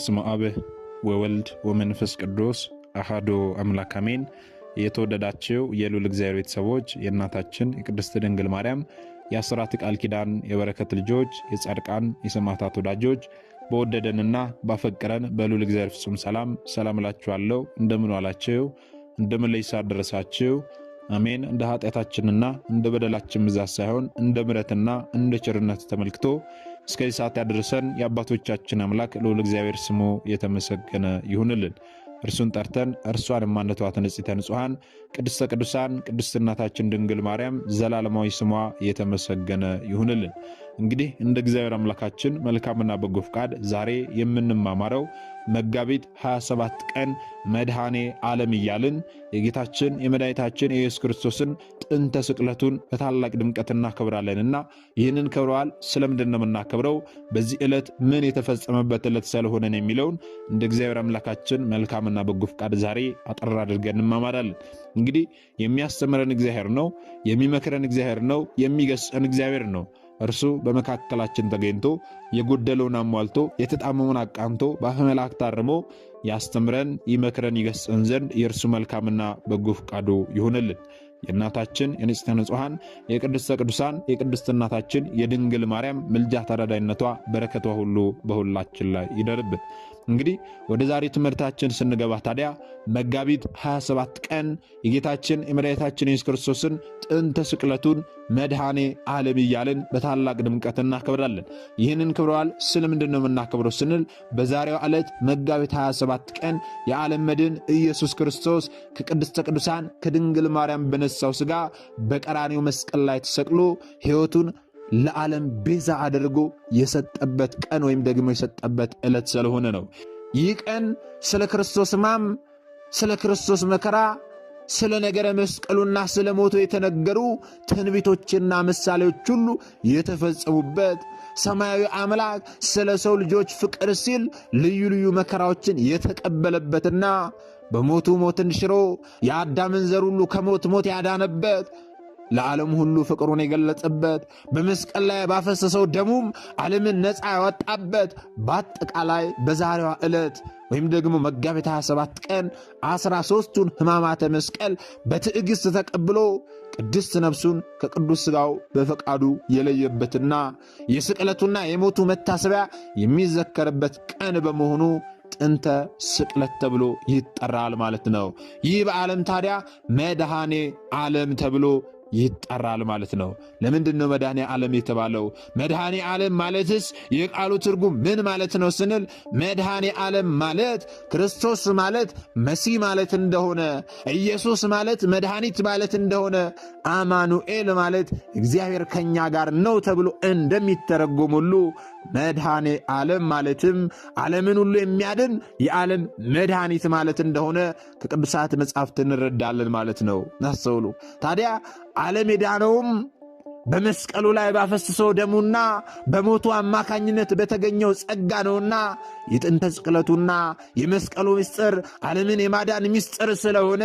በስመ አብ ወወልድ ወመንፈስ ቅዱስ አሃዶ አምላክ አሜን። የተወደዳችሁ የሉል እግዚአብሔር ቤተሰቦች የእናታችን የቅድስት ድንግል ማርያም የአስራት ቃል ኪዳን የበረከት ልጆች የጻድቃን የሰማዕታት ወዳጆች በወደደንና ባፈቀረን በሉል እግዚአብሔር ፍጹም ሰላም ሰላም እላችኋለሁ። እንደምን ዋላችሁ? እንደምን ለይሳ አሜን። እንደ ኃጢአታችንና እንደ በደላችን ብዛት ሳይሆን እንደ ምረትና እንደ ቸርነት ተመልክቶ እስከዚህ ሰዓት ያደረሰን የአባቶቻችን አምላክ ልዑል እግዚአብሔር ስሙ የተመሰገነ ይሁንልን። እርሱን ጠርተን እርሷን የማንተዋትን ንጽሕተ ንጹሐን ቅድስተ ቅዱሳን ቅድስት እናታችን ድንግል ማርያም ዘላለማዊ ስሟ የተመሰገነ ይሁንልን። እንግዲህ እንደ እግዚአብሔር አምላካችን መልካምና በጎ ፍቃድ ዛሬ የምንማማረው መጋቢት 27 ቀን መድኃኔ ዓለም እያልን የጌታችን የመድኃኒታችን የኢየሱስ ክርስቶስን ጥንተ ስቅለቱን በታላቅ ድምቀት እናከብራለንና ይህንን ክብረ በዓል ስለምንድን ነው የምናከብረው፣ በዚህ ዕለት ምን የተፈጸመበት ዕለት ስለሆነን የሚለውን እንደ እግዚአብሔር አምላካችን መልካምና በጎ ፍቃድ ዛሬ አጠር አድርገን እንማማራለን። እንግዲህ የሚያስተምረን እግዚአብሔር ነው፣ የሚመክረን እግዚአብሔር ነው፣ የሚገስጸን እግዚአብሔር ነው። እርሱ በመካከላችን ተገኝቶ የጎደለውን አሟልቶ የተጣመመውን አቃንቶ በአፈ መልአክ ታርሞ ያስተምረን፣ ይመክረን፣ ይገስጸን ዘንድ የእርሱ መልካምና በጎ ፈቃዱ ይሆንልን። የእናታችን የንጽሕተ ንጹሐን የቅድስተ ቅዱሳን የቅድስት እናታችን የድንግል ማርያም ምልጃ ተራዳይነቷ በረከቷ ሁሉ በሁላችን ላይ ይደርብን። እንግዲህ ወደ ዛሬ ትምህርታችን ስንገባ ታዲያ መጋቢት 27 ቀን የጌታችን የመድኃኒታችን የሱስ ክርስቶስን ጥንተ ስቅለቱን መድኃኔ ዓለም እያልን በታላቅ ድምቀት እናከብራለን። ይህንን ክብረ በዓል ስለምንድን ነው የምናከብረው ስንል በዛሬው ዕለት መጋቢት 27 ቀን የዓለም መድን ኢየሱስ ክርስቶስ ከቅድስተ ቅዱሳን ከድንግል ማርያም በነሳው ሥጋ በቀራኔው መስቀል ላይ ተሰቅሎ ሕይወቱን ለዓለም ቤዛ አድርጎ የሰጠበት ቀን ወይም ደግሞ የሰጠበት ዕለት ስለሆነ ነው። ይህ ቀን ስለ ክርስቶስ ሕማም፣ ስለ ክርስቶስ መከራ፣ ስለ ነገረ መስቀሉና ስለ ሞቱ የተነገሩ ትንቢቶችና ምሳሌዎች ሁሉ የተፈጸሙበት ሰማያዊ አምላክ ስለ ሰው ልጆች ፍቅር ሲል ልዩ ልዩ መከራዎችን የተቀበለበትና በሞቱ ሞትን ሽሮ የአዳምን ዘር ሁሉ ከሞት ሞት ያዳነበት ለዓለም ሁሉ ፍቅሩን የገለጸበት በመስቀል ላይ ባፈሰሰው ደሙም ዓለምን ነፃ ያወጣበት በአጠቃላይ በዛሬዋ ዕለት ወይም ደግሞ መጋቢት 27 ቀን 13ቱን ሕማማተ መስቀል በትዕግሥት ተቀብሎ ቅድስት ነፍሱን ከቅዱስ ሥጋው በፈቃዱ የለየበትና የስቅለቱና የሞቱ መታሰቢያ የሚዘከርበት ቀን በመሆኑ ጥንተ ስቅለት ተብሎ ይጠራል ማለት ነው። ይህ በዓለም ታዲያ መድኃኔ ዓለም ተብሎ ይጠራል ማለት ነው። ለምንድን ነው መድኃኔ ዓለም የተባለው? መድኃኔ ዓለም ማለትስ የቃሉ ትርጉም ምን ማለት ነው ስንል መድኃኔ ዓለም ማለት ክርስቶስ ማለት መሲህ ማለት እንደሆነ፣ ኢየሱስ ማለት መድኃኒት ማለት እንደሆነ፣ አማኑኤል ማለት እግዚአብሔር ከእኛ ጋር ነው ተብሎ እንደሚተረጎም ሁሉ መድኃኔ ዓለም ማለትም ዓለምን ሁሉ የሚያድን የዓለም መድኃኒት ማለት እንደሆነ ከቅዱሳት መጻሕፍት እንረዳለን ማለት ነው። ናስተውሉ ታዲያ ዓለም የዳነውም በመስቀሉ ላይ ባፈሰሰው ደሙና በሞቱ አማካኝነት በተገኘው ጸጋ ነውና የጥንተ ስቅለቱና የመስቀሉ ምስጢር ዓለምን የማዳን ምስጢር ስለሆነ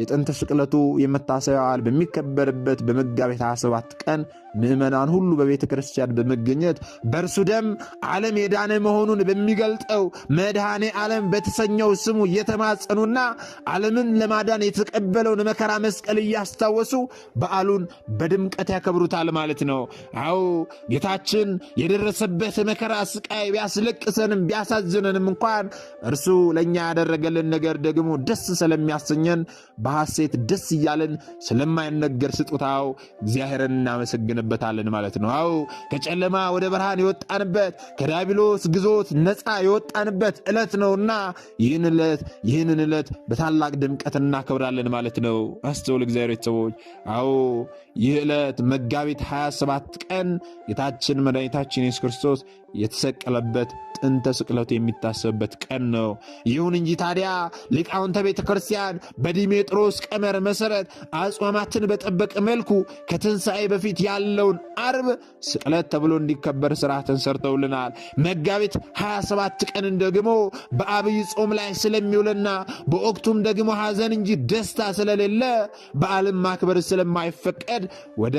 የጥንተ ስቅለቱ የመታሰቢያ በዓል በሚከበርበት በመጋቢት 27 ቀን ምእመናን ሁሉ በቤተ ክርስቲያን በመገኘት በእርሱ ደም ዓለም የዳነ መሆኑን በሚገልጠው መድኃኔ ዓለም በተሰኘው ስሙ እየተማጸኑና ዓለምን ለማዳን የተቀበለውን መከራ መስቀል እያስታወሱ በዓሉን በድምቀት ያከብሩታል ማለት ነው። አዎ ጌታችን የደረሰበት መከራ ስቃይ ቢያስለቅሰንም ቢያሳዝነንም እንኳን እርሱ ለእኛ ያደረገልን ነገር ደግሞ ደስ ስለሚያሰኘን በሐሴት ደስ እያለን ስለማይነገር ስጦታው እግዚአብሔርን እናመሰግን እንማርበታለን ማለት ነው። አዎ ከጨለማ ወደ ብርሃን የወጣንበት ከዲያብሎስ ግዞት ነፃ የወጣንበት ዕለት ነውና ይህን ዕለት ይህንን ዕለት በታላቅ ድምቀት እናከብራለን ማለት ነው። አስተውል እግዚአብሔር ቤተሰቦች። አዎ ይህ ዕለት መጋቢት 27 ቀን ጌታችን መድኃኒታችን ኢየሱስ ክርስቶስ የተሰቀለበት ጥንተ ስቅለቱ የሚታሰብበት ቀን ነው። ይሁን እንጂ ታዲያ ሊቃውንተ ቤተ ክርስቲያን በዲሜጥሮስ ቀመር መሰረት አጽዋማትን በጠበቀ መልኩ ከትንሣኤ በፊት ያለውን አርብ ስቅለት ተብሎ እንዲከበር ስርዓትን ሰርተውልናል። መጋቢት 27 ቀንን ደግሞ በአብይ ጾም ላይ ስለሚውልና በወቅቱም ደግሞ ሐዘን እንጂ ደስታ ስለሌለ በዓልም ማክበር ስለማይፈቀድ ወደ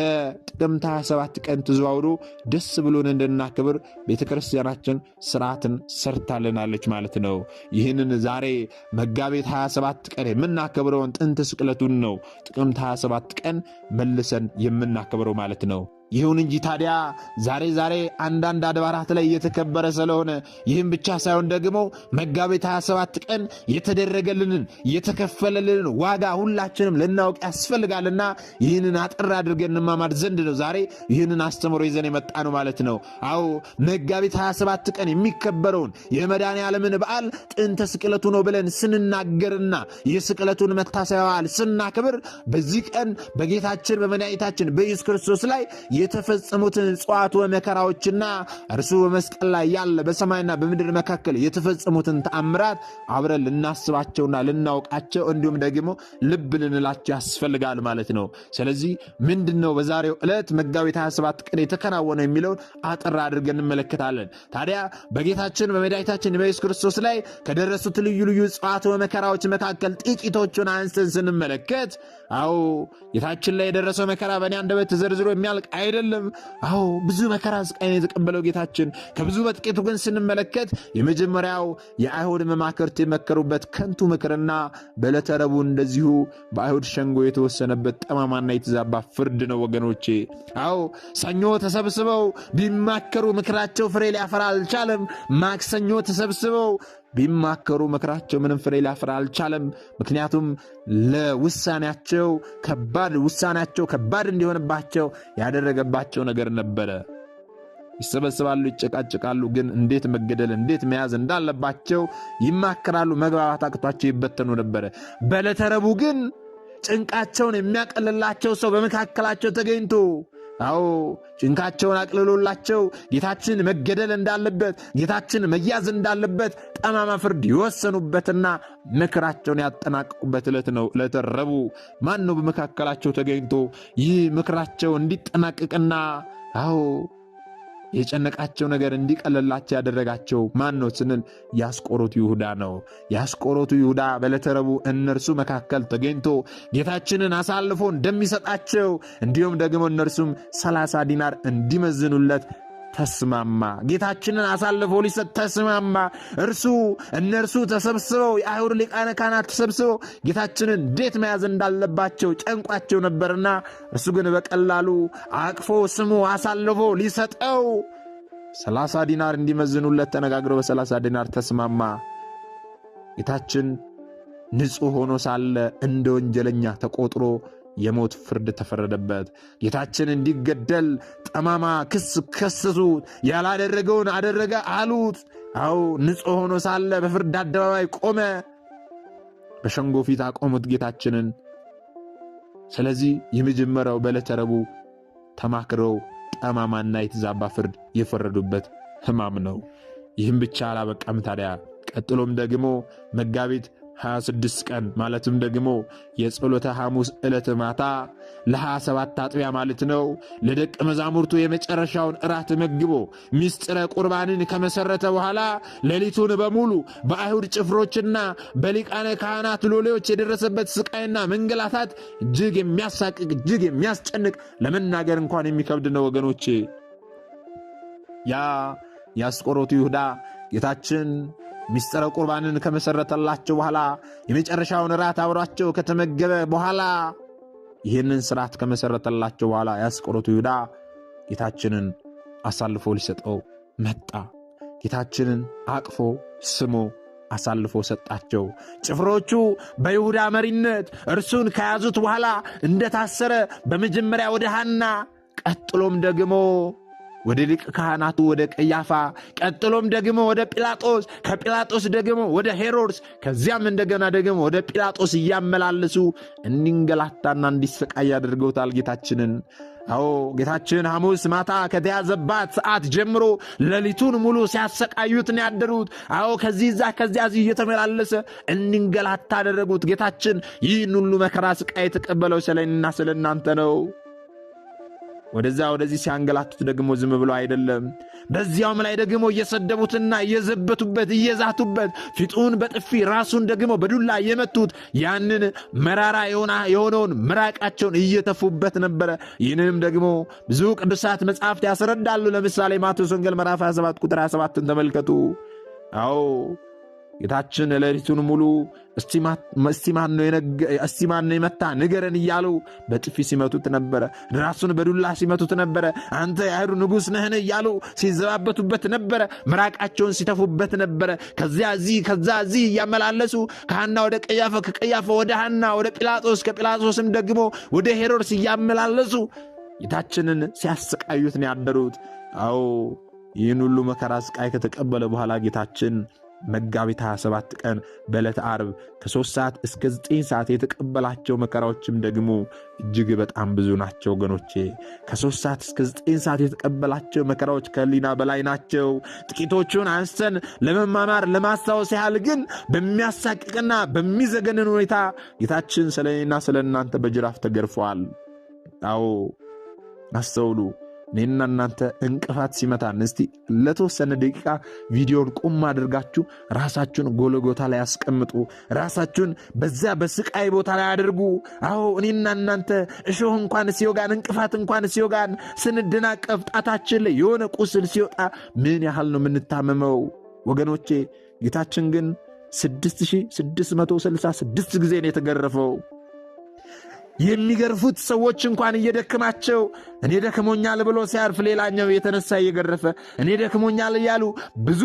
ጥቅምት 27 ቀን ተዘዋውሮ ደስ ብሎን እንድናክብር ቤተ ክርስቲያናችን ስርዓትን ሰርታልናለች ማለት ነው። ይህንን ዛሬ መጋቢት 27 ቀን የምናከብረውን ጥንት ስቅለቱን ነው ጥቅምት 27 ቀን መልሰን የምናከብረው ማለት ነው። ይሁን እንጂ ታዲያ ዛሬ ዛሬ አንዳንድ አድባራት ላይ እየተከበረ ስለሆነ ይህም ብቻ ሳይሆን ደግሞ መጋቢት 27 ቀን የተደረገልንን የተከፈለልንን ዋጋ ሁላችንም ልናውቅ ያስፈልጋልና ይህንን አጠር አድርገን እንማማድ ዘንድ ነው ዛሬ ይህንን አስተምሮ ይዘን የመጣ ነው ማለት ነው። አዎ መጋቢት 27 ቀን የሚከበረውን የመድኃኔ ዓለምን በዓል ጥንተ ስቅለቱ ነው ብለን ስንናገርና የስቅለቱን መታሰቢያ በዓል ስናክብር በዚህ ቀን በጌታችን በመድኃኒታችን በኢየሱስ ክርስቶስ ላይ የተፈጸሙትን ጽዋት መከራዎችና እርሱ በመስቀል ላይ ያለ በሰማይና በምድር መካከል የተፈጸሙትን ተአምራት አብረን ልናስባቸውና ልናውቃቸው እንዲሁም ደግሞ ልብ ልንላቸው ያስፈልጋል ማለት ነው። ስለዚህ ምንድን ነው በዛሬው ዕለት መጋቢት 27 ቀን የተከናወነ የሚለውን አጠር አድርገን እንመለከታለን። ታዲያ በጌታችን በመድኃኒታችን በኢየሱስ ክርስቶስ ላይ ከደረሱት ልዩ ልዩ ጽዋት መከራዎች መካከል ጥቂቶቹን አንስተን ስንመለከት፣ አዎ ጌታችን ላይ የደረሰው መከራ በእኔ አንደበት ተዘርዝሮ የሚያልቅ አይደለም። አዎ ብዙ መከራ ስቃይን የተቀበለው ጌታችን ከብዙ በጥቂቱ ግን ስንመለከት የመጀመሪያው የአይሁድ መማክርት የመከሩበት ከንቱ ምክርና በዕለተ ረቡዕ እንደዚሁ በአይሁድ ሸንጎ የተወሰነበት ጠማማና የተዛባ ፍርድ ነው ወገኖቼ። አዎ ሰኞ ተሰብስበው ቢማከሩ ምክራቸው ፍሬ ሊያፈራ አልቻለም። ማክሰኞ ተሰብስበው ቢማከሩ ምክራቸው ምንም ፍሬ ሊያፈራ አልቻለም። ምክንያቱም ለውሳኔያቸው ከባድ ውሳኔያቸው ከባድ እንዲሆንባቸው ያደረገባቸው ነገር ነበረ። ይሰበስባሉ፣ ይጨቃጭቃሉ። ግን እንዴት መገደል እንዴት መያዝ እንዳለባቸው ይማከራሉ። መግባባት አቅቷቸው ይበተኑ ነበረ። በለተረቡ ግን ጭንቃቸውን የሚያቀልላቸው ሰው በመካከላቸው ተገኝቶ አዎ ጭንካቸውን አቅልሎላቸው ጌታችን መገደል እንዳለበት ጌታችን መያዝ እንዳለበት ጠማማ ፍርድ የወሰኑበትና ምክራቸውን ያጠናቀቁበት ዕለት ነው። ዕለተ ረቡዕ ማን ነው በመካከላቸው ተገኝቶ ይህ ምክራቸው እንዲጠናቀቅና አዎ የጨነቃቸው ነገር እንዲቀለላቸው ያደረጋቸው ማን ነው ስንል የአስቆሮቱ ይሁዳ ነው። የአስቆሮቱ ይሁዳ በዕለተ ረቡዕ እነርሱ መካከል ተገኝቶ ጌታችንን አሳልፎ እንደሚሰጣቸው እንዲሁም ደግሞ እነርሱም ሰላሳ ዲናር እንዲመዝኑለት ተስማማ። ጌታችንን አሳልፈው ሊሰጥ ተስማማ። እርሱ እነርሱ ተሰብስበው የአይሁድ ሊቃነ ካህናት ተሰብስበው ጌታችንን እንዴት መያዝ እንዳለባቸው ጨንቋቸው ነበርና እርሱ ግን በቀላሉ አቅፎ ስሙ አሳልፎ ሊሰጠው ሰላሳ ዲናር እንዲመዝኑለት ተነጋግረው በሰላሳ ዲናር ተስማማ። ጌታችን ንጹሕ ሆኖ ሳለ እንደ ወንጀለኛ ተቆጥሮ የሞት ፍርድ ተፈረደበት። ጌታችን እንዲገደል ጠማማ ክስ ከሰሱት። ያላደረገውን አደረገ አሉት። አዎ ንጹሕ ሆኖ ሳለ በፍርድ አደባባይ ቆመ። በሸንጎ ፊት አቆሙት ጌታችንን። ስለዚህ የመጀመሪያው በዕለተ ረቡዕ ተማክረው ጠማማና የተዛባ ፍርድ የፈረዱበት ሕማም ነው። ይህም ብቻ አላበቃም ታዲያ ቀጥሎም ደግሞ መጋቢት 26 ቀን ማለትም ደግሞ የጸሎተ ሐሙስ ዕለት ማታ ለ27 አጥቢያ ማለት ነው ለደቀ መዛሙርቱ የመጨረሻውን እራት መግቦ ምስጢረ ቁርባንን ከመሰረተ በኋላ ሌሊቱን በሙሉ በአይሁድ ጭፍሮችና በሊቃነ ካህናት ሎሌዎች የደረሰበት ስቃይና መንገላታት እጅግ የሚያሳቅቅ እጅግ የሚያስጨንቅ ለመናገር እንኳን የሚከብድ ነው ወገኖቼ። ያ የአስቆሮቱ ይሁዳ ጌታችን ምስጢረ ቁርባንን ከመሠረተላቸው በኋላ የመጨረሻውን እራት አብሯቸው ከተመገበ በኋላ ይህንን ስርዓት ከመሠረተላቸው በኋላ የአስቆሮቱ ይሁዳ ጌታችንን አሳልፎ ሊሰጠው መጣ። ጌታችንን አቅፎ ስሞ አሳልፎ ሰጣቸው። ጭፍሮቹ በይሁዳ መሪነት እርሱን ከያዙት በኋላ እንደታሰረ በመጀመሪያ ወደ ሐና ቀጥሎም ደግሞ ወደ ሊቀ ካህናቱ ወደ ቀያፋ፣ ቀጥሎም ደግሞ ወደ ጲላጦስ፣ ከጲላጦስ ደግሞ ወደ ሄሮድስ፣ ከዚያም እንደገና ደግሞ ወደ ጲላጦስ እያመላለሱ እንዲንገላታና እንዲሰቃይ ያደርገውታል ጌታችንን። አዎ ጌታችን ሐሙስ ማታ ከተያዘባት ሰዓት ጀምሮ ሌሊቱን ሙሉ ሲያሰቃዩት ነው ያደሩት። አዎ ከዚህ እዛ ከዚያ እዚህ እየተመላለሰ እንንገላታ አደረጉት። ጌታችን ይህን ሁሉ መከራ ስቃይ የተቀበለው ስለእኔና ስለእናንተ ነው። ወደዛ ወደዚህ ሲያንገላቱት ደግሞ ዝም ብሎ አይደለም፣ በዚያውም ላይ ደግሞ እየሰደቡትና እየዘበቱበት እየዛቱበት ፊቱን በጥፊ ራሱን ደግሞ በዱላ እየመቱት ያንን መራራ የሆነውን ምራቃቸውን እየተፉበት ነበረ። ይህንንም ደግሞ ብዙ ቅዱሳት መጽሐፍት ያስረዳሉ። ለምሳሌ ማቴዎስ ወንጌል ምዕራፍ 27 ቁጥር 27ን ተመልከቱ። አዎ ጌታችን ሌሊቱን ሙሉ እስቲ ማን ነው የመታ ንገረን እያሉ በጥፊ ሲመቱት ነበረ። ራሱን በዱላ ሲመቱት ነበረ። አንተ የአይሁድ ንጉሥ ነህን እያሉ ሲዘባበቱበት ነበረ። ምራቃቸውን ሲተፉበት ነበረ። ከዚያ እዚህ ከዛ እዚህ እያመላለሱ ከሐና ወደ ቀያፈ፣ ከቀያፈ ወደ ሐና፣ ወደ ጲላጦስ፣ ከጲላጦስም ደግሞ ወደ ሄሮድስ እያመላለሱ ጌታችንን ሲያሰቃዩት ነው ያደሩት። አዎ ይህን ሁሉ መከራ ስቃይ ከተቀበለ በኋላ ጌታችን መጋቢት 27 ቀን በዕለት ዓርብ ከ3 ሰዓት እስከ 9 ሰዓት የተቀበላቸው መከራዎችም ደግሞ እጅግ በጣም ብዙ ናቸው ወገኖቼ። ከ3 ሰዓት እስከ 9 ሰዓት የተቀበላቸው መከራዎች ከህሊና በላይ ናቸው። ጥቂቶቹን አንስተን ለመማማር ለማስታወስ ያህል ግን በሚያሳቅቅና በሚዘገንን ሁኔታ ጌታችን ስለ እኔና ስለ እናንተ በጅራፍ ተገርፈዋል። አዎ አስተውሉ። እኔና እናንተ እንቅፋት ሲመታን እስቲ ለተወሰነ ደቂቃ ቪዲዮን ቁም አድርጋችሁ ራሳችሁን ጎለጎታ ላይ አስቀምጡ። ራሳችሁን በዛ በስቃይ ቦታ ላይ አድርጉ። አዎ እኔና እናንተ እሾህ እንኳን ሲወጋን፣ እንቅፋት እንኳን ሲወጋን፣ ስንደናቀፍ፣ ጣታችን ላይ የሆነ ቁስል ሲወጣ ምን ያህል ነው የምንታመመው ወገኖቼ? ጌታችን ግን 6666 ጊዜ ነው የተገረፈው። የሚገርፉት ሰዎች እንኳን እየደክማቸው እኔ ደክሞኛል ብሎ ሲያርፍ ሌላኛው የተነሳ እየገረፈ እኔ ደክሞኛል እያሉ ብዙ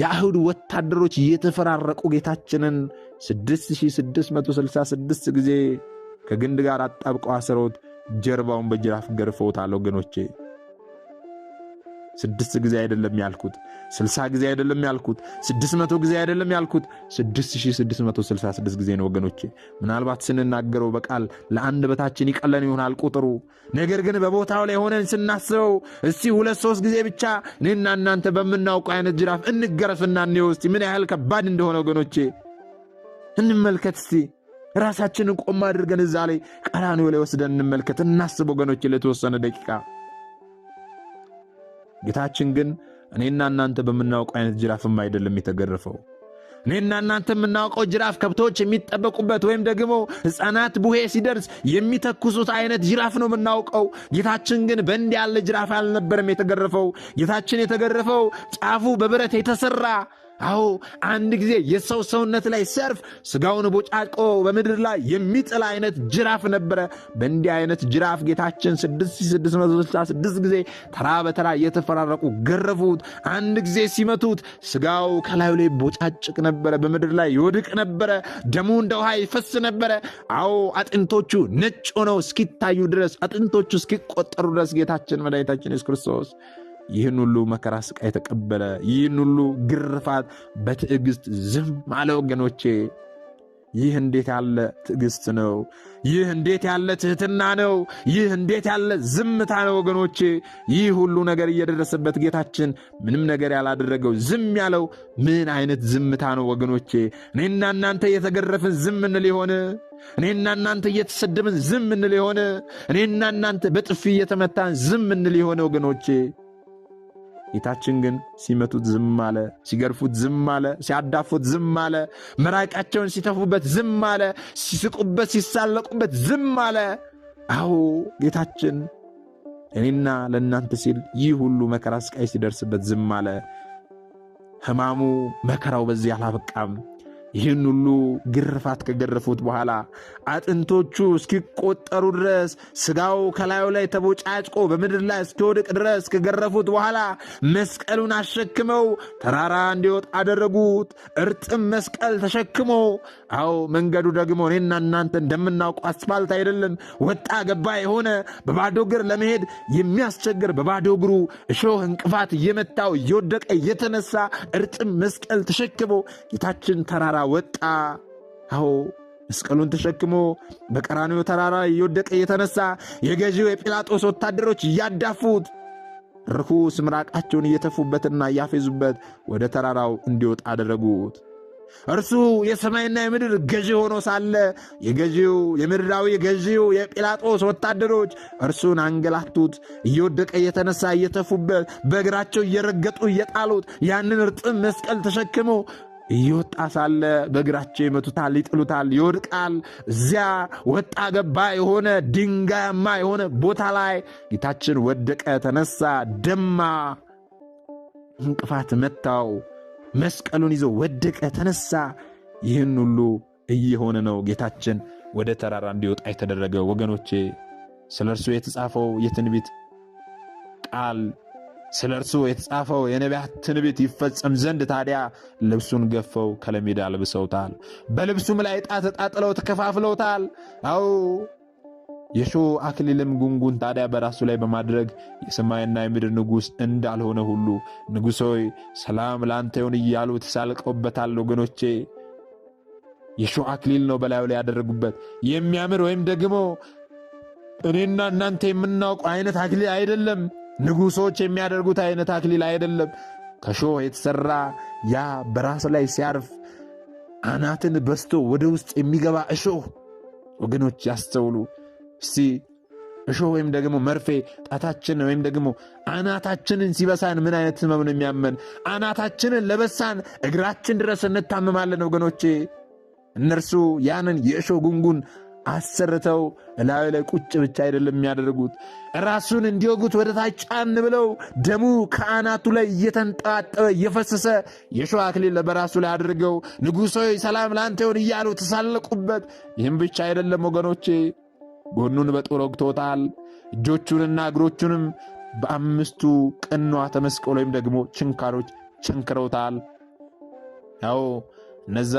የአይሁድ ወታደሮች እየተፈራረቁ ጌታችንን 6666 ጊዜ ከግንድ ጋር አጣብቀው አስረውት ጀርባውን በጅራፍ ገርፈውታል። ወገኖቼ ስድስት ጊዜ አይደለም ያልኩት፣ ስልሳ ጊዜ አይደለም ያልኩት፣ ስድስት መቶ ጊዜ አይደለም ያልኩት፣ ስድስት ሺህ ስድስት መቶ ስልሳ ስድስት ጊዜ ነው ወገኖቼ። ምናልባት ስንናገረው በቃል ለአንድ በታችን ይቀለን ይሆናል ቁጥሩ። ነገር ግን በቦታው ላይ ሆነን ስናስበው እስቲ ሁለት ሶስት ጊዜ ብቻ እኔና እናንተ በምናውቀው አይነት ጅራፍ እንገረፍና እንየው እስቲ ምን ያህል ከባድ እንደሆነ ወገኖቼ እንመልከት እስቲ ራሳችንን ቆም አድርገን እዛ ላይ ቀራንዮ ላይ ወስደን እንመልከት፣ እናስብ ወገኖቼ ለተወሰነ ደቂቃ ጌታችን ግን እኔና እናንተ በምናውቀው አይነት ጅራፍም አይደለም የተገረፈው። እኔና እናንተ የምናውቀው ጅራፍ ከብቶች የሚጠበቁበት ወይም ደግሞ ሕፃናት ቡሄ ሲደርስ የሚተኩሱት አይነት ጅራፍ ነው የምናውቀው። ጌታችን ግን በእንዲህ ያለ ጅራፍ አልነበረም የተገረፈው። ጌታችን የተገረፈው ጫፉ በብረት የተሰራ አዎ አንድ ጊዜ የሰው ሰውነት ላይ ሰርፍ ስጋውን ቦጫቆ በምድር ላይ የሚጥል አይነት ጅራፍ ነበረ። በእንዲህ አይነት ጅራፍ ጌታችን 6666 ጊዜ ተራ በተራ እየተፈራረቁ ገረፉት። አንድ ጊዜ ሲመቱት ስጋው ከላዩ ላይ ቦጫጭቅ ነበረ፣ በምድር ላይ ይወድቅ ነበረ፣ ደሙ እንደ ውሃ ይፈስ ነበረ። አዎ አጥንቶቹ ነጭ ሆነው እስኪታዩ ድረስ፣ አጥንቶቹ እስኪቆጠሩ ድረስ ጌታችን መድኃኒታችን ኢየሱስ ክርስቶስ ይህን ሁሉ መከራ ስቃይ የተቀበለ ይህን ሁሉ ግርፋት በትዕግስት ዝም አለ። ወገኖቼ ይህ እንዴት ያለ ትዕግስት ነው! ይህ እንዴት ያለ ትህትና ነው! ይህ እንዴት ያለ ዝምታ ነው! ወገኖቼ ይህ ሁሉ ነገር እየደረሰበት ጌታችን ምንም ነገር ያላደረገው ዝም ያለው ምን አይነት ዝምታ ነው? ወገኖቼ እኔና እናንተ እየተገረፍን ዝም እንል ይሆን? እኔና እናንተ እየተሰደብን ዝም እንል ይሆን? እኔና እናንተ በጥፊ እየተመታን ዝም እንል ይሆን? ወገኖቼ ጌታችን ግን ሲመቱት ዝም አለ፣ ሲገርፉት ዝም አለ፣ ሲያዳፉት ዝም አለ፣ መራቃቸውን ሲተፉበት ዝም አለ፣ ሲስቁበት ሲሳለቁበት ዝም አለ። አዎ ጌታችን እኔና ለእናንተ ሲል ይህ ሁሉ መከራ ስቃይ ሲደርስበት ዝም አለ። ሕማሙ መከራው በዚህ አላበቃም። ይህን ሁሉ ግርፋት ከገረፉት በኋላ አጥንቶቹ እስኪቆጠሩ ድረስ ስጋው ከላዩ ላይ ተቦጫጭቆ በምድር ላይ እስኪወድቅ ድረስ ከገረፉት በኋላ መስቀሉን አሸክመው ተራራ እንዲወጣ አደረጉት። እርጥም መስቀል ተሸክሞ አዎ፣ መንገዱ ደግሞ እኔና እናንተ እንደምናውቀው አስፋልት አይደለም፣ ወጣ ገባ የሆነ በባዶ እግር ለመሄድ የሚያስቸግር በባዶ እግሩ እሾህ እንቅፋት እየመታው እየወደቀ እየተነሳ እርጥም መስቀል ተሸክሞ ጌታችን ተራራ ወጣ። አዎ መስቀሉን ተሸክሞ በቀራንዮ ተራራ እየወደቀ እየተነሳ የገዢው የጲላጦስ ወታደሮች እያዳፉት ርኩስ ምራቃቸውን እየተፉበትና እያፌዙበት ወደ ተራራው እንዲወጣ አደረጉት። እርሱ የሰማይና የምድር ገዢ ሆኖ ሳለ የገዢው የምድራዊ የገዢው የጲላጦስ ወታደሮች እርሱን አንገላቱት። እየወደቀ እየተነሳ እየተፉበት፣ በእግራቸው እየረገጡ እየጣሉት ያንን እርጥም መስቀል ተሸክሞ እየወጣ ሳለ በእግራቸው ይመቱታል፣ ይጥሉታል፣ ይወድቃል። እዚያ ወጣ ገባ የሆነ ድንጋያማ የሆነ ቦታ ላይ ጌታችን ወደቀ፣ ተነሳ፣ ደማ። እንቅፋት መታው። መስቀሉን ይዘው ወደቀ፣ ተነሳ። ይህን ሁሉ እየሆነ ነው ጌታችን ወደ ተራራ እንዲወጣ የተደረገ። ወገኖቼ ስለ እርሱ የተጻፈው የትንቢት ቃል ስለ እርሱ የተጻፈው የነቢያት ትንቢት ይፈጸም ዘንድ ታዲያ ልብሱን ገፈው ከለሜዳ አልብሰውታል። በልብሱም ላይ ዕጣ ተጣጥለው ተከፋፍለውታል። አዎ የእሾህ አክሊልም ጉንጉን ታዲያ በራሱ ላይ በማድረግ የሰማይና የምድር ንጉሥ እንዳልሆነ ሁሉ ንጉሶይ ሰላም ለአንተ ይሁን እያሉ ተሳልቀውበታል። ወገኖቼ የእሾህ አክሊል ነው በላዩ ላይ ያደረጉበት። የሚያምር ወይም ደግሞ እኔና እናንተ የምናውቀው አይነት አክሊል አይደለም። ንጉሶች የሚያደርጉት አይነት አክሊል አይደለም። ከሾህ የተሰራ ያ በራስ ላይ ሲያርፍ አናትን በስቶ ወደ ውስጥ የሚገባ እሾህ። ወገኖች ያስተውሉ እስቲ። እሾህ ወይም ደግሞ መርፌ ጣታችን ወይም ደግሞ አናታችንን ሲበሳን ምን አይነት ህመም ነው የሚያመን? አናታችንን ለበሳን እግራችን ድረስ እንታመማለን ወገኖቼ። እነርሱ ያንን የእሾህ ጉንጉን አሰርተው እላዩ ላይ ቁጭ ብቻ አይደለም የሚያደርጉት፣ ራሱን እንዲወጉት ወደ ታች ጫን ብለው ደሙ ከአናቱ ላይ እየተንጠባጠበ እየፈሰሰ የሸዋ አክሊል በራሱ ላይ አድርገው ንጉሥ ሰላም ለአንተ ይሁን እያሉ ተሳለቁበት። ይህም ብቻ አይደለም ወገኖቼ፣ ጎኑን በጦር ወግቶታል። እጆቹንና እግሮቹንም በአምስቱ ቅንዋተ መስቀል ወይም ደግሞ ችንካሮች ችንክረውታል። ያው እነዛ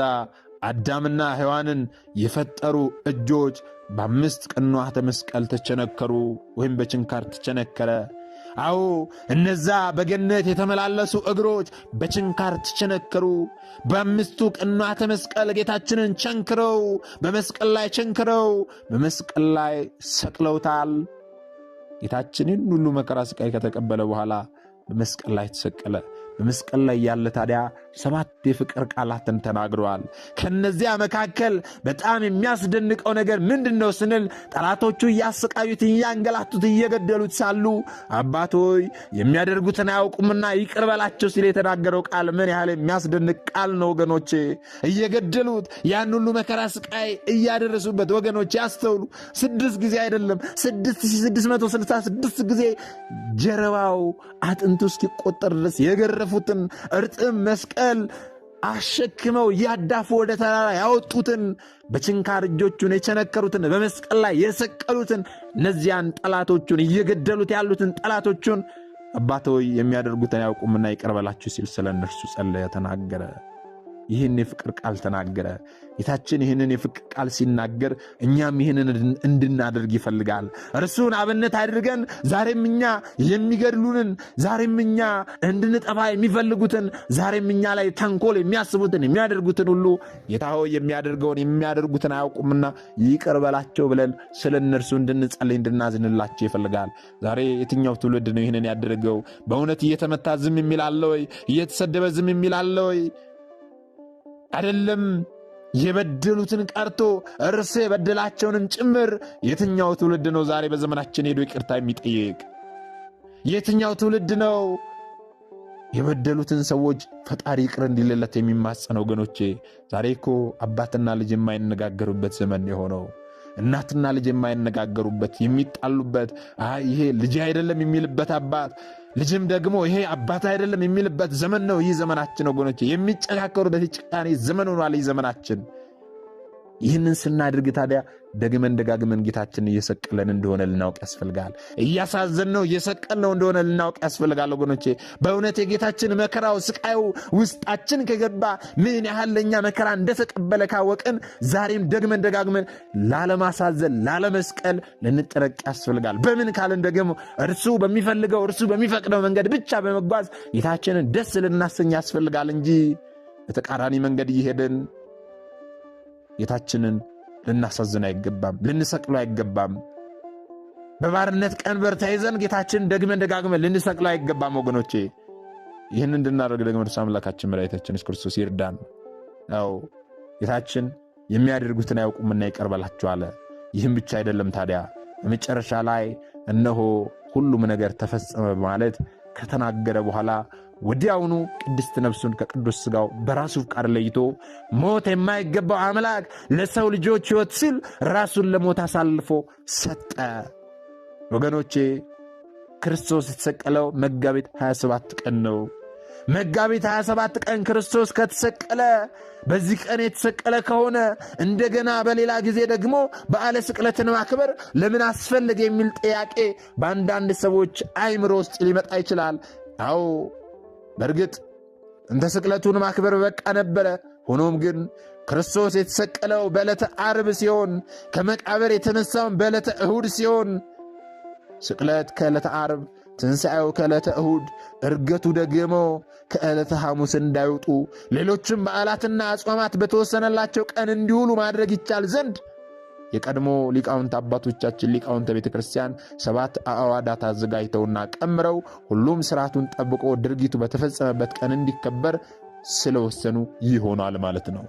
አዳምና ሔዋንን የፈጠሩ እጆች በአምስት ቅንዋተ መስቀል ተቸነከሩ ወይም በችንካር ተቸነከረ። አዎ እነዛ በገነት የተመላለሱ እግሮች በችንካር ተቸነከሩ። በአምስቱ ቅንዋተ መስቀል ጌታችንን ቸንክረው በመስቀል ላይ ቸንክረው በመስቀል ላይ ሰቅለውታል። ጌታችንን ሁሉ መከራ ስቃይ ከተቀበለ በኋላ በመስቀል ላይ ተሰቀለ። በመስቀል ላይ ያለ ታዲያ ሰባት የፍቅር ቃላትን ተናግረዋል። ከነዚያ መካከል በጣም የሚያስደንቀው ነገር ምንድን ነው ስንል ጠላቶቹ እያሰቃዩት፣ እያንገላቱት፣ እየገደሉት ሳሉ አባት ሆይ የሚያደርጉትን አያውቁምና ይቅር በላቸው ሲል የተናገረው ቃል ምን ያህል የሚያስደንቅ ቃል ነው ወገኖቼ። እየገደሉት ያን ሁሉ መከራ ስቃይ እያደረሱበት ወገኖቼ ያስተውሉ። ስድስት ጊዜ አይደለም 6666 ጊዜ ጀርባው አጥንቱ እስኪቆጠር ድረስ የገረ የሚገርፉትን እርጥም መስቀል አሸክመው እያዳፉ ወደ ተራራ ያወጡትን በችንካር እጆቹን የቸነከሩትን በመስቀል ላይ የሰቀሉትን እነዚያን ጠላቶቹን እየገደሉት ያሉትን ጠላቶቹን አባተ ሆይ የሚያደርጉትን ያውቁምና ይቅር ሲል ስለ እነርሱ ጸለየ፣ ተናገረ። ይህን የፍቅር ቃል ተናገረ። ጌታችን ይህንን የፍቅር ቃል ሲናገር እኛም ይህንን እንድናደርግ ይፈልጋል። እርሱን አብነት አድርገን ዛሬም እኛ የሚገድሉንን፣ ዛሬም እኛ እንድንጠፋ የሚፈልጉትን፣ ዛሬም እኛ ላይ ተንኮል የሚያስቡትን የሚያደርጉትን ሁሉ ጌታ ሆይ የሚያደርገውን የሚያደርጉትን አያውቁምና ይቅር በላቸው ብለን ስለ እነርሱ እንድንጸልይ እንድናዝንላቸው ይፈልጋል። ዛሬ የትኛው ትውልድ ነው ይህንን ያደረገው? በእውነት እየተመታ ዝም የሚላለ ወይ? እየተሰደበ ዝም የሚላለ ወይ? አይደለም የበደሉትን ቀርቶ እርስ የበደላቸውንም ጭምር። የትኛው ትውልድ ነው ዛሬ በዘመናችን ሄዶ ይቅርታ የሚጠይቅ? የትኛው ትውልድ ነው የበደሉትን ሰዎች ፈጣሪ ይቅር እንዲልለት የሚማጸነ? ወገኖቼ ዛሬ እኮ አባትና ልጅ የማይነጋገሩበት ዘመን የሆነው እናትና ልጅ የማይነጋገሩበት የሚጣሉበት፣ ይሄ ልጅ አይደለም የሚልበት አባት ልጅም ደግሞ ይሄ አባት አይደለም የሚልበት ዘመን ነው። ይህ ዘመናችን ወገኖች የሚጨካከሩበት ጭቃኔ ዘመን ሆኗል። ይህ ዘመናችን ይህንን ስናድርግ ታዲያ ደግመን ደጋግመን ጌታችንን እየሰቀለን እንደሆነ ልናውቅ ያስፈልጋል። እያሳዘን ነው እየሰቀል ነው እንደሆነ ልናውቅ ያስፈልጋል። ወገኖቼ በእውነት የጌታችን መከራው ስቃዩ ውስጣችን ከገባ ምን ያህል ለእኛ መከራ እንደተቀበለ ካወቅን ዛሬም ደግመን ደጋግመን ላለማሳዘን፣ ላለመስቀል ልንጠረቅ ያስፈልጋል። በምን ካልን ደግሞ እርሱ በሚፈልገው እርሱ በሚፈቅደው መንገድ ብቻ በመጓዝ ጌታችንን ደስ ልናሰኝ ያስፈልጋል እንጂ በተቃራኒ መንገድ እየሄድን ጌታችንን ልናሳዝን አይገባም፣ ልንሰቅለው አይገባም። በባርነት ቀንበር ተይዘን ጌታችን ደግመን ደጋግመን ልንሰቅሎ አይገባም ወገኖቼ። ይህን እንድናደርግ ደግሞ እርሱ አምላካችን መድኃኒታችን ኢየሱስ ክርስቶስ ይርዳን። ው ጌታችን የሚያደርጉትን አያውቁምና ይቀርበላቸው አለ። ይህም ብቻ አይደለም ታዲያ በመጨረሻ ላይ እነሆ ሁሉም ነገር ተፈጸመ በማለት ከተናገረ በኋላ ወዲያውኑ ቅድስት ነፍሱን ከቅዱስ ሥጋው በራሱ ፍቃድ ለይቶ ሞት የማይገባው አምላክ ለሰው ልጆች ሕይወት ሲል ራሱን ለሞት አሳልፎ ሰጠ። ወገኖቼ ክርስቶስ የተሰቀለው መጋቢት 27 ቀን ነው። መጋቢት 27 ቀን ክርስቶስ ከተሰቀለ በዚህ ቀን የተሰቀለ ከሆነ እንደገና በሌላ ጊዜ ደግሞ በዓለ ስቅለትን ማክበር ለምን አስፈለገ የሚል ጥያቄ በአንዳንድ ሰዎች አይምሮ ውስጥ ሊመጣ ይችላል። አዎ በእርግጥ እንተ ስቅለቱን ማክበር በቃ ነበረ። ሆኖም ግን ክርስቶስ የተሰቀለው በዕለተ ዓርብ ሲሆን ከመቃብር የተነሳውን በዕለተ እሁድ ሲሆን ስቅለት ከዕለተ ዓርብ፣ ትንሣኤው ከዕለተ እሁድ፣ እርገቱ ደግሞ ከዕለተ ሐሙስ እንዳይውጡ ሌሎችም በዓላትና አጽዋማት በተወሰነላቸው ቀን እንዲውሉ ማድረግ ይቻል ዘንድ የቀድሞ ሊቃውንት አባቶቻችን ሊቃውንተ ቤተ ክርስቲያን ሰባት አዕዋዳት አዘጋጅተውና ቀምረው ሁሉም ስርዓቱን ጠብቆ ድርጊቱ በተፈጸመበት ቀን እንዲከበር ስለወሰኑ ይሆናል ማለት ነው።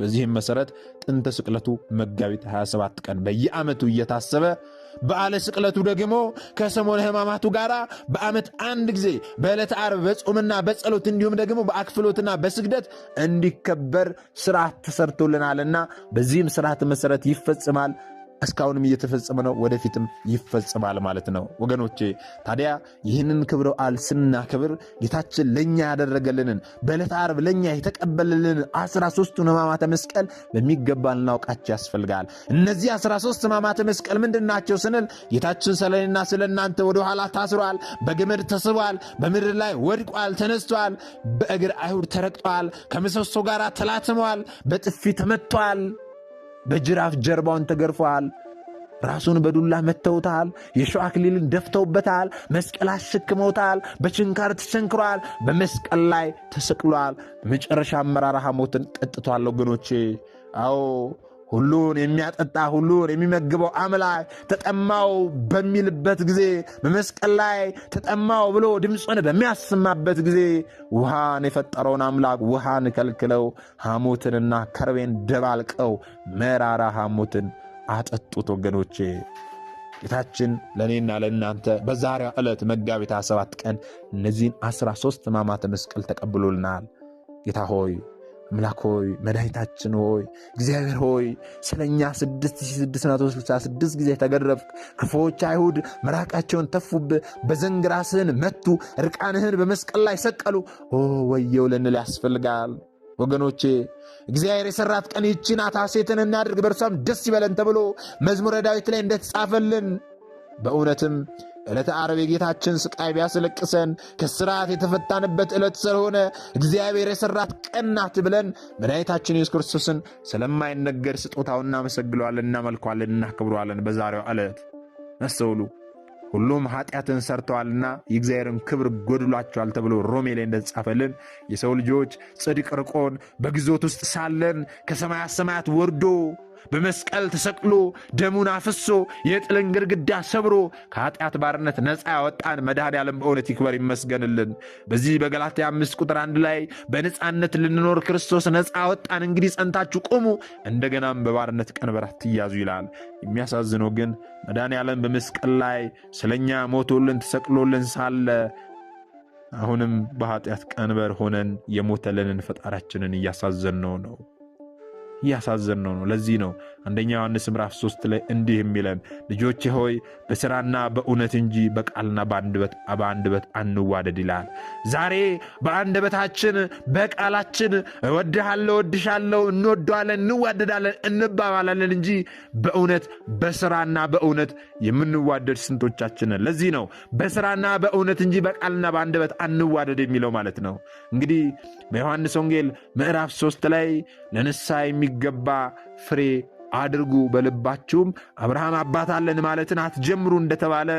በዚህም መሰረት ጥንተ ስቅለቱ መጋቢት 27 ቀን በየዓመቱ እየታሰበ በዓለ ስቅለቱ ደግሞ ከሰሞነ ሕማማቱ ጋር በዓመት አንድ ጊዜ በዕለተ ዓርብ በጾምና በጸሎት እንዲሁም ደግሞ በአክፍሎትና በስግደት እንዲከበር ስርዓት ተሰርቶልናልና በዚህም ስርዓት መሰረት ይፈጽማል። እስካሁንም እየተፈጸመ ነው፣ ወደፊትም ይፈጽማል ማለት ነው። ወገኖቼ ታዲያ ይህንን ክብረ በዓል ስናክብር ጌታችን ለእኛ ያደረገልንን በዕለተ ዓርብ ለእኛ የተቀበለልንን አስራ ሶስቱን ሕማማተ መስቀል በሚገባ ልናውቃቸው ያስፈልጋል። እነዚህ አስራ ሦስት ሕማማተ መስቀል ምንድን ናቸው ስንል ጌታችን ስለኔና ስለ እናንተ ኋላ ታስሯል፣ በገመድ ተስቧል፣ በምድር ላይ ወድቋል፣ ተነስቷል፣ በእግር አይሁድ ተረግጧል፣ ከምሰሶ ጋር ተላትሟል፣ በጥፊ ተመቷል በጅራፍ ጀርባውን ተገርፈዋል። ራሱን በዱላ መተውታል የሸዋ አክሊልን ደፍተውበታል። መስቀል አሸክመውታል። በችንካር ተቸንክሯል። በመስቀል ላይ ተሰቅሏል። መጨረሻ አመራር ሐሞትን ጠጥቷል። ወገኖቼ አዎ ሁሉን የሚያጠጣ ሁሉን የሚመግበው አምላክ ተጠማው በሚልበት ጊዜ በመስቀል ላይ ተጠማው ብሎ ድምፁን በሚያሰማበት ጊዜ ውሃን የፈጠረውን አምላክ ውሃን ከልክለው ሐሞትንና ከርቤን ደባልቀው መራራ ሐሞትን አጠጡት። ወገኖቼ ጌታችን ለእኔና ለእናንተ በዛሬው ዕለት መጋቢት ሰባት ቀን እነዚህን 13 ሕማማተ መስቀል ተቀብሎልናል። ጌታ ሆይ አምላክ ሆይ መድኃኒታችን ሆይ እግዚአብሔር ሆይ ስለ እኛ 6666 ጊዜ ተገረፍክ። ክፉዎች አይሁድ መራቃቸውን ተፉብህ፣ በዘንግ ራስህን መቱ፣ እርቃንህን በመስቀል ላይ ሰቀሉ። ኦ ወየው ልንል ያስፈልጋል ወገኖቼ። እግዚአብሔር የሰራት ቀን ይቺ ናት፣ ሐሴትን እናድርግ፣ በእርሷም ደስ ይበለን ተብሎ መዝሙረ ዳዊት ላይ እንደተጻፈልን በእውነትም ዕለተ ዓርብ የጌታችን ስቃይ ቢያስለቅሰን ከስርዓት የተፈታንበት ዕለት ስለሆነ እግዚአብሔር የሰራት ቀን ናት ብለን መድኃኒታችን ኢየሱስ ክርስቶስን ስለማይነገር ስጦታው እናመሰግለዋለን፣ እናመልኳለን፣ እናክብረዋለን። በዛሬው ዕለት አስተውሉ። ሁሉም ኃጢአትን ሰርተዋልና የእግዚአብሔርን ክብር ጎድሏቸዋል ተብሎ ሮሜ ላይ እንደተጻፈልን የሰው ልጆች ጽድቅ ርቆን በግዞት ውስጥ ሳለን ከሰማያት ሰማያት ወርዶ በመስቀል ተሰቅሎ ደሙን አፍሶ የጥልን ግርግዳ ሰብሮ ከኃጢአት ባርነት ነፃ ያወጣን መድኃኔ ዓለም በእውነት ይክበር ይመስገንልን። በዚህ በገላትያ አምስት ቁጥር አንድ ላይ በነፃነት ልንኖር ክርስቶስ ነፃ ያወጣን፣ እንግዲህ ጸንታችሁ ቁሙ፣ እንደገናም በባርነት ቀንበር አትያዙ ይላል። የሚያሳዝነው ግን መድኃኔ ዓለም በመስቀል ላይ ስለኛ ሞቶልን ተሰቅሎልን ሳለ አሁንም በኃጢአት ቀንበር ሆነን የሞተልንን ፈጣሪያችንን እያሳዘንነው ነው። እያሳዘን ነው ነው። ለዚህ ነው አንደኛ ዮሐንስ ምዕራፍ 3 ላይ እንዲህ የሚለን ልጆቼ ሆይ በሥራና በእውነት እንጂ በቃልና በአንደበት አንዋደድ ይላል። ዛሬ በአንደበታችን በቃላችን እወድሃለሁ፣ እወድሻለሁ፣ እንወደዋለን፣ እንዋደዳለን፣ እንባባላለን እንጂ በእውነት በሥራና በእውነት የምንዋደድ ስንቶቻችን? ለዚህ ነው በሥራና በእውነት እንጂ በቃልና በአንደበት አንዋደድ የሚለው ማለት ነው። እንግዲህ በዮሐንስ ወንጌል ምዕራፍ 3 ላይ ለንሳ የሚ በሚገባ ፍሬ አድርጉ። በልባችሁም አብርሃም አባት አለን ማለትን አትጀምሩ እንደተባለ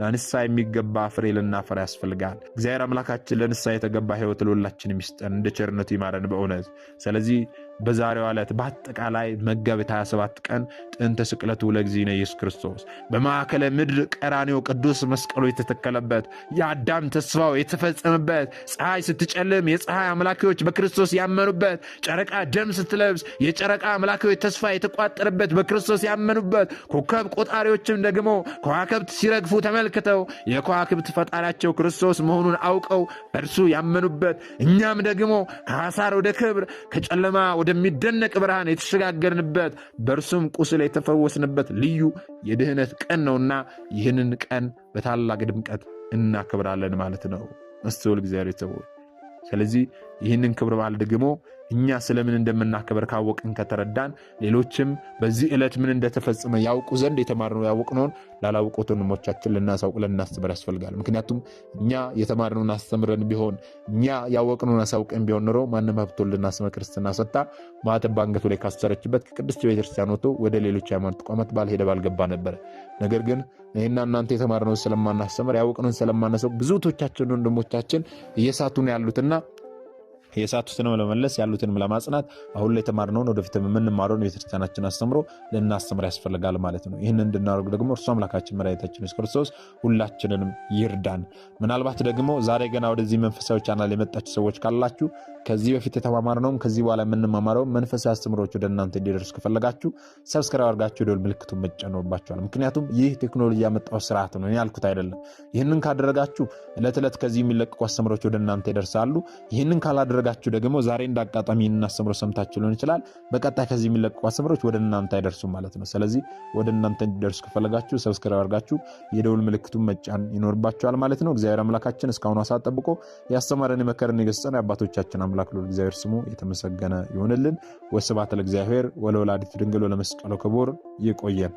ለንስሐ የሚገባ ፍሬ ልናፈራ ያስፈልጋል። እግዚአብሔር አምላካችን ለንስሐ የተገባ ሕይወት ለሁላችንም ይስጠን፣ እንደ ቸርነቱ ይማረን በእውነት ስለዚህ በዛሬው ዕለት በአጠቃላይ መጋቢት 27 ቀን ጥንተ ስቅለቱ ለእግዚእነ ኢየሱስ ክርስቶስ በማዕከለ ምድር ቀራኔው ቅዱስ መስቀሉ የተተከለበት የአዳም ተስፋው የተፈጸመበት ፀሐይ ስትጨልም የፀሐይ አምላኪዎች በክርስቶስ ያመኑበት፣ ጨረቃ ደም ስትለብስ የጨረቃ አምላኪዎች ተስፋ የተቋጠረበት በክርስቶስ ያመኑበት፣ ኮከብ ቆጣሪዎችም ደግሞ ከዋክብት ሲረግፉ ተመልክተው የከዋክብት ፈጣሪያቸው ክርስቶስ መሆኑን አውቀው በእርሱ ያመኑበት እኛም ደግሞ ከሐሳር ወደ ክብር ከጨለማ ወደሚደነቅ ብርሃን የተሸጋገርንበት በእርሱም ቁስል የተፈወስንበት ልዩ የድህነት ቀን ነውና ይህንን ቀን በታላቅ ድምቀት እናከብራለን ማለት ነው። እስትውል እግዚአብሔር ሰዎች። ስለዚህ ይህንን ክብር በዓል ደግሞ እኛ ስለምን እንደምናከበር ካወቅን ከተረዳን፣ ሌሎችም በዚህ ዕለት ምን እንደተፈጸመ ያውቁ ዘንድ የተማርነው ያወቅነውን ላላውቁት ወንድሞቻችን ልናሳውቅ ልናስተምር ያስፈልጋል። ምክንያቱም እኛ የተማርነውን አስተምረን ቢሆን እኛ ያወቅነውን አሳውቅን ቢሆን ኖሮ ማንም ሀብቶ ልናስመ ክርስትና ሰጥታ ማተብ አንገቱ ላይ ካሰረችበት ከቅድስት ቤተክርስቲያን ወጥቶ ወደ ሌሎች ሃይማኖት ተቋማት ባልሄደ ባልገባ ነበረ። ነገር ግን ይህና እናንተ የተማርነውን ስለማናስተምር ያወቅነውን ስለማናሳውቅ ብዙቶቻችን ወንድሞቻችን እየሳቱን ያሉትና የሳቱትንም ለመመለስ ያሉትንም ለማጽናት አሁን ላይ የተማርነውን ወደፊት የምንማረውን ቤተክርስቲያናችን አስተምሮ ልናስተምር ያስፈልጋል ማለት ነው። ይህን እንድናደርግ ደግሞ እርሱ አምላካችን መድኃኒታችን ኢየሱስ ክርስቶስ ሁላችንንም ይርዳን። ምናልባት ደግሞ ዛሬ ገና ወደዚህ መንፈሳዊ ቻናል የመጣችሁ ሰዎች ካላችሁ ከዚህ በፊት የተማማርነውም ከዚህ በኋላ የምንማማረው መንፈሳዊ አስተምሮች ወደ እናንተ እንዲደርሱ ከፈለጋችሁ ሰብስክራይብ አድርጋችሁ ደወል ምልክቱን መጨኖርባችኋል። ምክንያቱም ይህ ቴክኖሎጂ ያመጣው ስርዓት ነው፣ ያልኩት አይደለም። ይህንን ካደረጋችሁ ዕለት ዕለት ከዚህ የሚለቀቁ አስተምሮች ወደ እናንተ ይደርሳሉ። ይህንን ካላደረ ያልወረዳችሁ ደግሞ ዛሬ እንዳጋጣሚ ይህንን ሰምታችሁ ሊሆን ይችላል። በቀጣይ ከዚህ የሚለቀቁ አስተምሮች ወደ እናንተ አይደርሱም ማለት ነው። ስለዚህ ወደ እናንተ እንዲደርሱ ከፈለጋችሁ ሰብስክራይብ አድርጋችሁ የደውል ምልክቱን መጫን ይኖርባችኋል ማለት ነው። እግዚአብሔር አምላካችን እስካሁኑ ሰዓት ጠብቆ ያስተማረን የመከረን የገሰጸን የአባቶቻችን አምላክ ልዑል እግዚአብሔር ስሙ የተመሰገነ ይሆንልን። ወስብሐት ለእግዚአብሔር ወለወላዲቱ ድንግል ወለመስቀሉ ክቡር። ይቆየን።